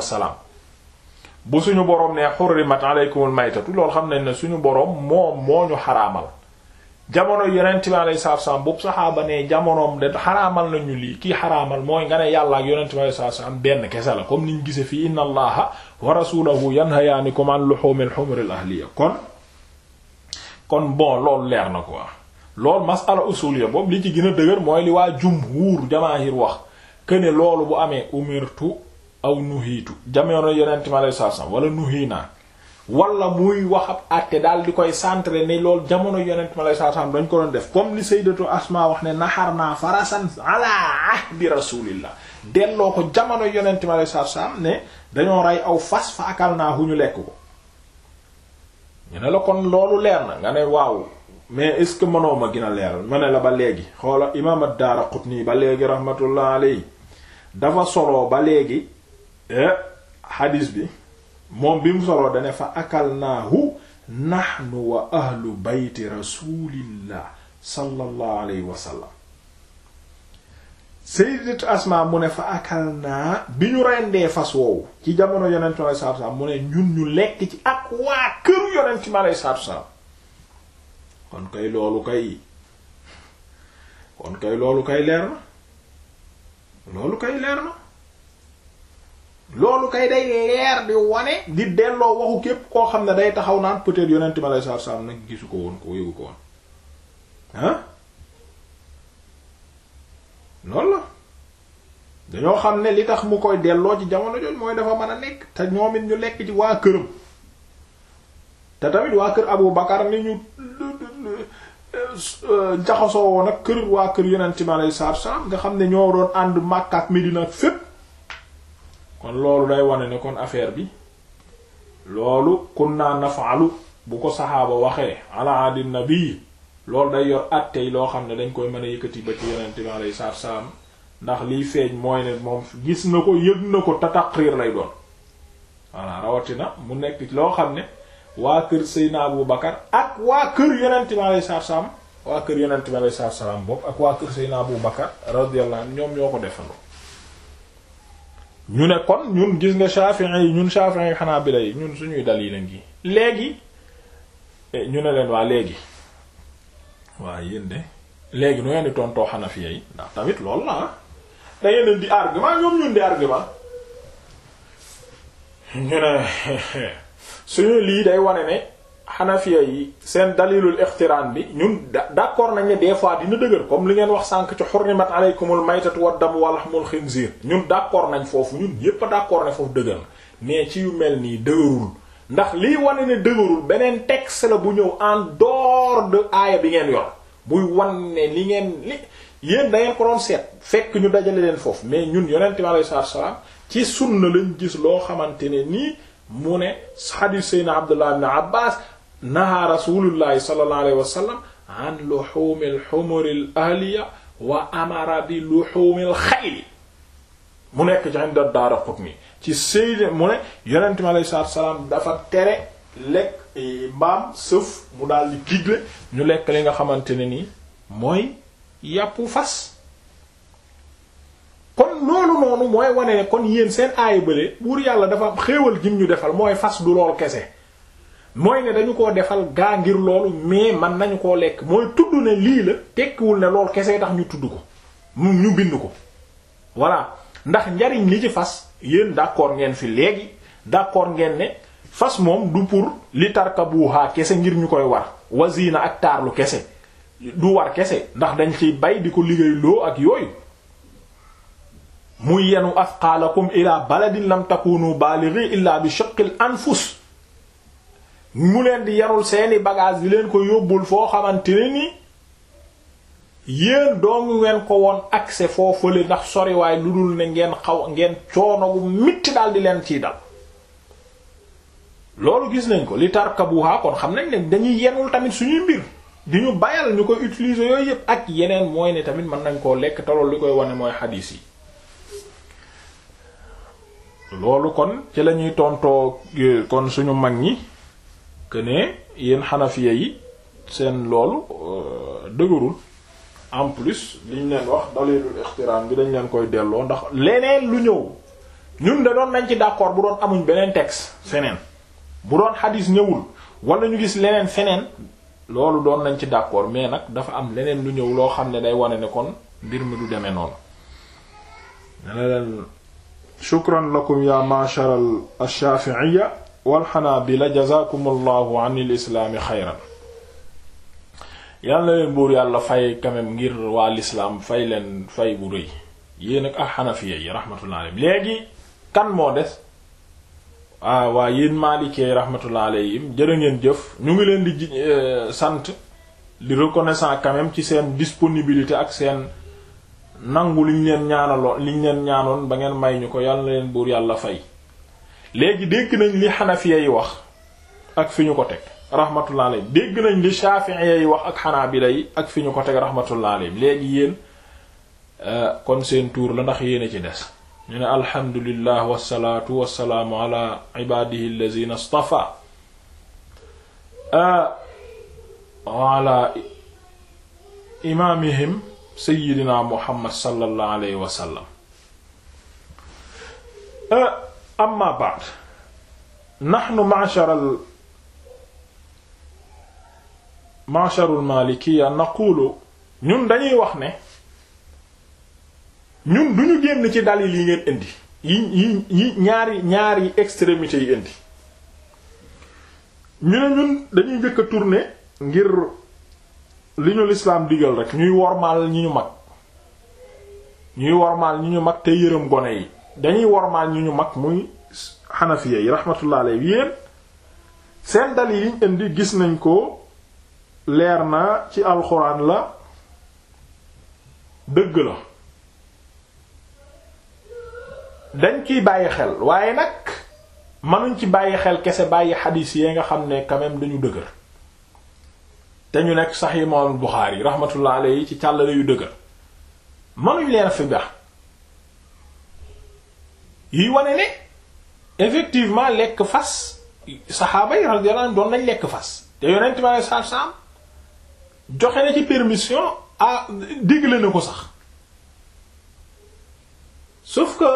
bu suñu boroom ne xurrimat aleykumul maytatu loolu xam nañ ne suñu boroom moom moo ñu xaraamal jamono yonent mi alayhi salaatu wasalaam boobu saxaaba ne jamonoom de xaraamal nañu lii kii xaraamal mooy nga ne yàlla ak yonent mi alayhi benn kese la comme niñ gise fii inna allaha wa rasulahu yanhayaanikum an luhumil humuril ahliya kon kon bon loolu leer na quoi lool masala usuliya boobu li ci gën a dëgër mooy li waa jumhuur jamaahir wax këne loolu bu amee umirtu aw nuhiitu jamono yonent mi alayhi salaam wala nuhiina wala muy wax ab àtte daal di koy centré ne loolu jamono yonent mi alayhi dañ ko doon def comme li sayyidatu Asma wax ne naxar naa farasan ala ahdi rasulillah delloo ko jamono yonent mi alayhi salaam ne dañoo rey aw fas fa naa hu ñu lekk ko ñu ne la kon loolu leer na nga ne waaw mais est-ce que mënoo ma gën leeral ma ne la ba léegi xoola imaam ad-Daaraqutni ba léegi rahmatullah dafa soloo ba léegi xadiis eh, bi moom bi mu soloo dane fa akalnaahu nahnu wa ahlu bayti rasulillah sallallahu alayhi wa sallam asma mu ne fa akal naa bi ñu rendee fas woowu ci jamono yonente mi alei mu ne ñun ñu lekk ci ak waa këru yonente mi alei satu salaam kon kay loolu kay kay loolu kay leer na loolu kay leer na loolu kay day leer di wane di delloo waxu képp koo xam ne day taxaw naan peut-être yonent mi aleyhi salaatu salaam nag gisu ko woon ko yëgu ko woon ah loolu la dañoo xam ne li tax mu koy delloo ci jamono jooju mooy dafa mën a nekk te ñoom it ñu lekk ci waa këram te tamit waa kër Abu Bakar ni ñu jaxasoo woon ak kër waa kër yonent mi alayhi salaatu salaam nga xam ne ñoo doon ànd Makka mi dina fépp kon loolu day wane ne kon affaire bi loolu kunna naf'alu bu ko saxaaba waxee ala adi nabi loolu day yor attey loo xam ne dañ koy mën a yëkkati ba ci yonent mi alayhi salaatu ndax liy feeñ mooy ne moom gis na ko yëg na ko tataqrir lay doon voilà rawatina mu nekk loo xam ne waa kër Seydina Abu Bakar ak waa kër yonent bi alayhi salaatu waa kër yonent ma alayhi salaatu bopp ak waa kër Seydina Abu Bakar radiyallahu anhu ñoom ñoo ko defandoo ñu ne kon ñun gis nga Shafi'i yi ñun Shafi'i yi xanaa bi lay ñun suñuy dal yi lañ gi léegi eh, ñu ne leen waa léegi waa yéen de léegi nu ngeen di tontoo Hanafi yi ndax tamit loolu la ah. da ngeen di argument ñoom ñun di argument ñu ne suñu lii day wane ne xanafiya yi seen dalilul ixtiraan bi ñun da d'accord nañ ne des fois dina dëgër comme li ngeen wax sànk ci xurrimat aleykumul maytatu wad damu wa lahmul ñun d'accord nañ foofu ñun yépp a ne foofu dëgër mais ci yu mel nii dëgërul ndax lii wane ne dëgërul beneen texte la bu ñëw en dehors de aaya bi ngeen yor buy wan ne li ngeen li yéen da ngeen ko doon seet fekk ñu dajale leen foofu mais ñun yonent bi alayhi salaatu wa salaam ci sunna lañ gis loo xamante ne nii mu ne xadiis seydna abdullah ibn abbas naha rasulullahi sallallahu alayhi wa sallam an luxumil xumuril ahliya wa amara bi luxumil xayli mu nekk ci inda Daaraqutni ci seyd mu ne yonent mi alayhi salaatu salaam dafa tere lekk e, mbaam sëf mu daal di digle ñu lekk li nga xamante ne nii mooy yàppu fas kon loolu noonu mooy wane kon yéen seen aaya bële buur yàlla dafa xéewal jim ñu defal mooy fas du lool kese mooy ne dañu koo defal gaa ngir loolu mais man nañu koo lekk mooy tudd ne lii la tekkiwul ne lool kese tax ñu tudd ko ñu bind ko voilà ndax njariñ li ci fas yéen d'accord ngeen fi léegi d'accord ngeen ne fas moom du pour li tarkabuha kese ngir ñu koy war wazina ak taarlu kese du war kese ndax dañ ciy bay di ko liggéey loo ak yooyu muy yenu asqaalakum ila baladin lam takunu baalighi illa bi shaqqil anfus mu leen di yarul seeni bagage di leen ko yóbbul foo xamante ne ni yéen doomu ngeen ko woon accès foofale ndax soriwaay lu dul ne ngeen xaw ngeen coono bu mitti daal di leen ciy dal loolu gis nañ ko li tarkabuha kon xam nañ ne dañuy yenul tamit suñuy mbir di ñu bayal ñu koy utiliser yooyu yëpp ak yeneen mooy ne tamit mën nañ koo lekk talool li koy wane mooy xadiis yi loolu kon ci la ñuy tontoo euh, kon suñu mag ñi que ne yéen xanafiya yi seen loolu euh, dëgërul en plus liñ leen wax dalilul ixtiraan bi dañ leen koy delloo ndax leneen lu ñëw ñun da doon nañ ci d'accord bu doon amuñ beneen tex feneen bu doon xadis ñëwul wala ñu gis leneen feneen loolu doon nañ ci d'accord mais nag dafa am leneen lu ñëw loo xam ne day wane ne kon mbir mi du demee noonu. shukran lakum ya ma'shar ash-shafi'iyya wal hanabila jazakumullahu anil islaami xayran yàlla leen buur yàlla fay quand même ngir waa lislaam fay leen fay bu rëy yéen ak ak xanafiya yi rahmatullah léegi kan moo des ah waa maalikee rahmatullah alayhim jërë ngeen jëf ñu ngi leen di euh, sant di reconnaissant quand ci seen disponibilité ak seen nangu liñ leen ñaanaloon liñ leen ñaanoon ba ngeen may ñu ko yàlla na leen buur yàlla fay léegi dégg nañ li xanafiya yi wax ak fi ñu ko teg rahmatullah alayhi dégg nañ li shafi'iya yi wax ak xanaabila yi ak fi ñu ko teg rahmatullah alayhi léegi yéen euh, kon seen tuur la ndax yéen a ci des ñu ne alhamdulillah wasalaatu wasalaamu ala ibadihi allazina istafa euh, imaamihim seydina muhammad sallallahu alayhi wa sallam euh, amma ba'd nahnu ma'shar al ma'shar al malikiyya naqulu ñun dañuy wax ne ñun duñu génn ci dalil yi ngeen indi yi yi ñaari ñaari extrémité yi indi ñu ñun dañuy njëkk a tourner ngir liñu ñu lislaam digal rek ñuy wormaal ñu mag ñuy wormaal ñi ñu mag te yërëm gone yi dañuy wormaal ñi ñu mag muy xanafiya yi rahmatullah alayhi yéen seen dalil yiñ indi gis nañ ko leer na ci alxuraan la dëgg la dañ ciy bàyyi xel waaye nag mënuñ ci bàyyi xel kese bàyyi xadiis yee nga xam ne quand même dañu dëgër te ñu nekk sax imaamul Buxaari rahmatullah ci càllale yu dëgër mënuñ leen fi yi wane ne effectivement lekk fas saxaaba yi radiyallahu doon nañ lekk fas te yonent ma saam saam joxe na ci permission ah digle na ko sax sauf que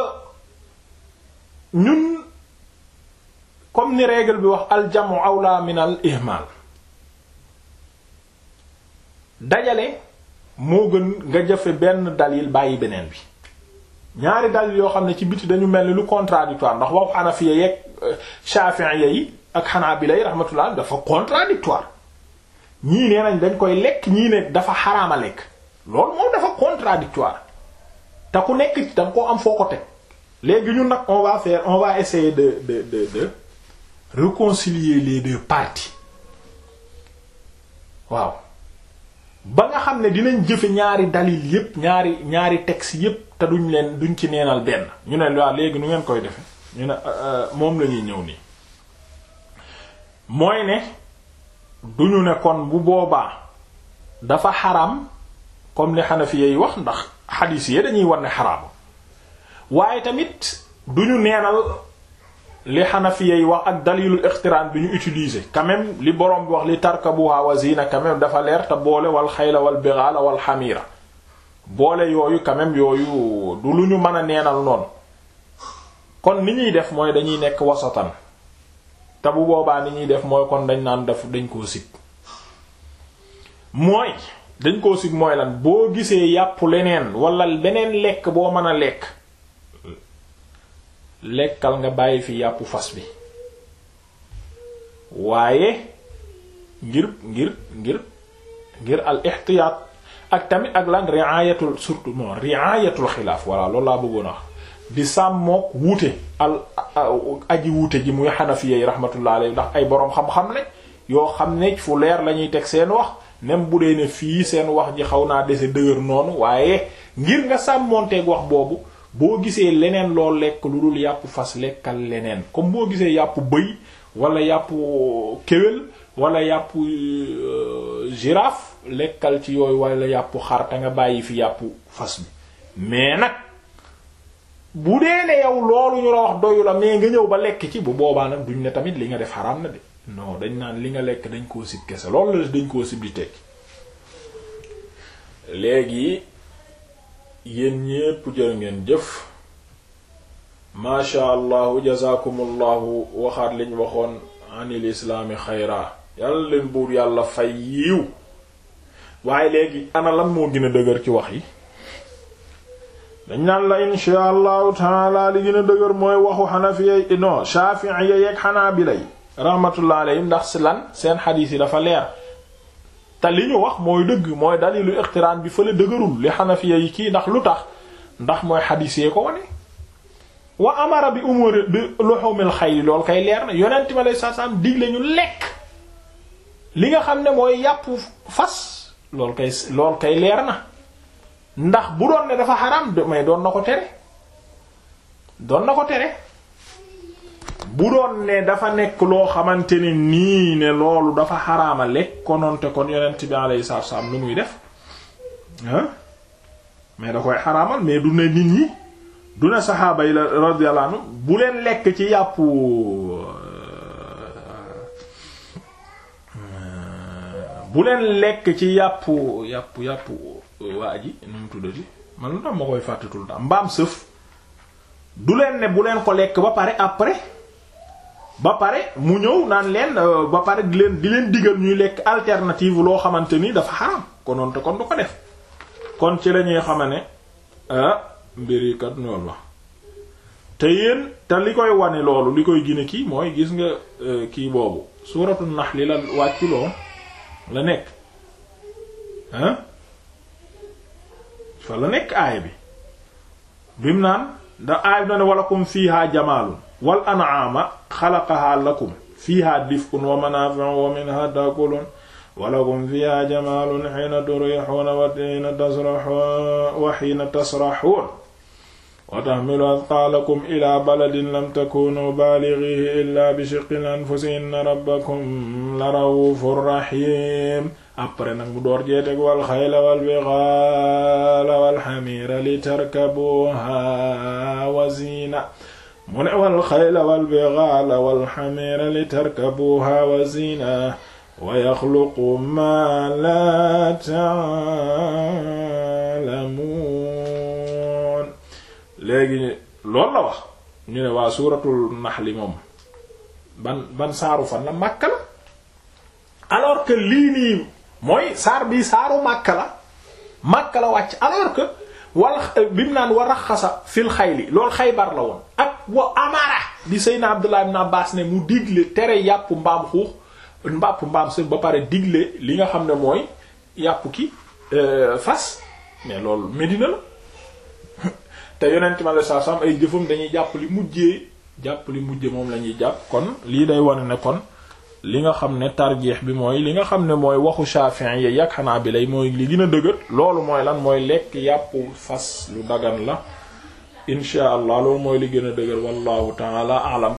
ñun comme ni règle bi wax al jamu awla min al dajale moo gën nga jëfe benn dalil bàyyi beneen bi ñaari dalil yoo xam ne ci biti dañu mel ni lu contradictoire ndax waxu Hanafiya yeeg euh, Shafi'iyya yi ak xanaa Hanabila yi rahmatullah dafa contradictoire ñii nee nañ dañ koy lekk ñii ne dafa xaraama lekk loolu moom dafa contradictoire te ku nekk ci danga koo am foo ko teg léegi ñun nag on va faire on de de de de réconcilier les deux parties waaw ba nga xam ne dinañ jëfe ñaari dalil yépp ñaari ñaari texte yépp te duñ leen duñ ci neenal benn ñu ne waaw léegi nu ngeen koy defe ñu ne euh, euh, moom lañuy ñëw nii mooy ne duñu ne kon bu boobaa dafa xaram comme li Hanafi yi wax ndax xadiis yi dañuy war ne xaraam waaye tamit duñu neenal li xanafiya yi wax ak dalilul ixtiraan bi ñu utiliser quand li boroom bi wax li tarkabuha wa zina quand même dafa leer te boole wal xayla wal bighala wal xamira boole yooyu quand yooyu du lu ñu mën a neenal noonu kon ni ñuy def mooy dañuy nekk wasatan te bu boobaa ni ñuy def mooy kon dañ naan daf dañ koo sib mooy dañ koo sib mooy lan boo gisee yàpp leneen walla beneen lekk boo mën a lekk lekkal nga bàyyi fi yàppu fas bi waaye ngir ngir ngir ngir al ixtiyaat ak tamit ak lan riayatul surtout non riayatul xilaaf voilà loolu laa bëggoon a di sàmmook wuute al aji wuute ji muy xanafiya yi rahmatullah alayhi ndax ay boroom xam-xam lañ yoo xam ne fu leer lañuy teg seen wax même bu dee ne fii seen wax ji xaw naa dese dëgër noonu waaye ngir nga sàmmoonteeg wax boobu boo gisee leneen lool lekk lu dul yàpp fas lekkal leneen comme boo gisee yàpp bëy walla yàpp euh, kéwél wala yàpp euh, girafe lekkal ci yooyu wala yàpp xar te nga bàyyi fi yàpp fas bi mais nag bu dee ne yow loolu ñu la wax doyu la mais nga ñëw ba lekk ci bu boobaa nag duñ ne tamit li nga def xaraam na de non dañ naan li nga lekk dañ koo sib kese lool la dañ koo sib di tekki léegi yéen ñépp jërë ngeen jëf maasha allahu jazakumullahu waxaat liñ waxoon anil islaami xayra yàlla leen buur yàlla fay yiw waaye léegi ana lan moo gën dëgër ci wax yi dañ naan la insha allahu taala li gën dëgër mooy waxu xanafiya non shafi'iyya yeeg xanaabila yi rahmatullah alayhim ndax lan seen xadiis yi dafa leer te li ñu wax mooy dëgg mooy dalilu iqtiraan bi fële dëgërul li xanafiya yi kii ndax lu tax ndax mooy xadiis yee ko wane wa amara bi umur bi luxumil xay lool kay leer na yonent ma alayhi salaam digle ñu lekk li nga xam ne mooy yàpp fas lool kay lool kay leer na ndax bu doon ne dafa xaraam may doon na ko tere doon na ko tere bu doon ne dafa nekk loo xamante ni nii ne loolu dafa xaraama lekk kononte kon yonent bi alayhi salaatu wasallam lu muy def mais da koy xaraamal mais du ne nit ñi du ne saxaaba yi la radiyallahu bu leen lekk ci yàppu euh, euh, bu leen lekk ci yàpp yàpp yàpp euh, ji nu mu man lu ma koy fàttatul daal mbaam sëf du leen ne bu leen ko lekk ba pare après ba pare mu ñëw naan leen euh, ba pare di leen di leen ñuy lekk alternative loo xamante nii dafa xaram konoon te kon du ko def kon ci la ñuy xama ne ah mbir la te yéen te li koy wane loolu li koy gine kii mooy gis nga euh, kii boobu suuratu nax li la wàccu loon la nekk fa la nekk aay bi bi mu naan da aay bi na ne walakum fiihaa jamaalun wal an'aama xalaqahaa lakum fiihaa dif'un wa manaafi'u wa minhaa ta'kuluun wa lakum fiihaa jamaalun hiina turiihuuna wa hiina tasrahuuna wa hiina tasrahuun wa tahmilu athqaalakum ilaa baladin lam takuunuu baalighiihi illaa bi shiqqil anfusi inna rabbakum lara'uufun rahiim après nag mu door jeeteg wal xayla wal bigaala wal hamiira li tarkabuuhaa wa ziina mu ne wal xayla wal bigaala wal xamiira li tarkabuha wa zina wa yaxluqu ma la taalamuun léegi loolu la wax ñu ne waa suuratul naxli moom ban ban saaru fan la Makka la alors que lii nii mooy saar bi saaru Makka la Makka la wàcc alors que wal bi mu naan wa raxasa fil xayli loolu xaybar la woon ak wa amara di Seydina Abdullah ibn baas ne mu digle tere yàpp mbaam xuux mbàpp mbaam sër ba pare digle li nga xam ne mooy yàpp ki euh, fas mais loolu Medina la te yonent mi alei satu ay jëfam dañuy jàpp li mujjee jàpp li mujjee moom la ñuy jàpp kon lii day wane ne kon li nga xam ne tarjeex bi mooy li nga xam ne mooy waxu Shafi'i yi ak bi lay mooy li gën a dëgër loolu mooy lan mooy lekk yàppu fas lu dagan la insha allah loolu mooy li gën a dëgër wallahu taala alam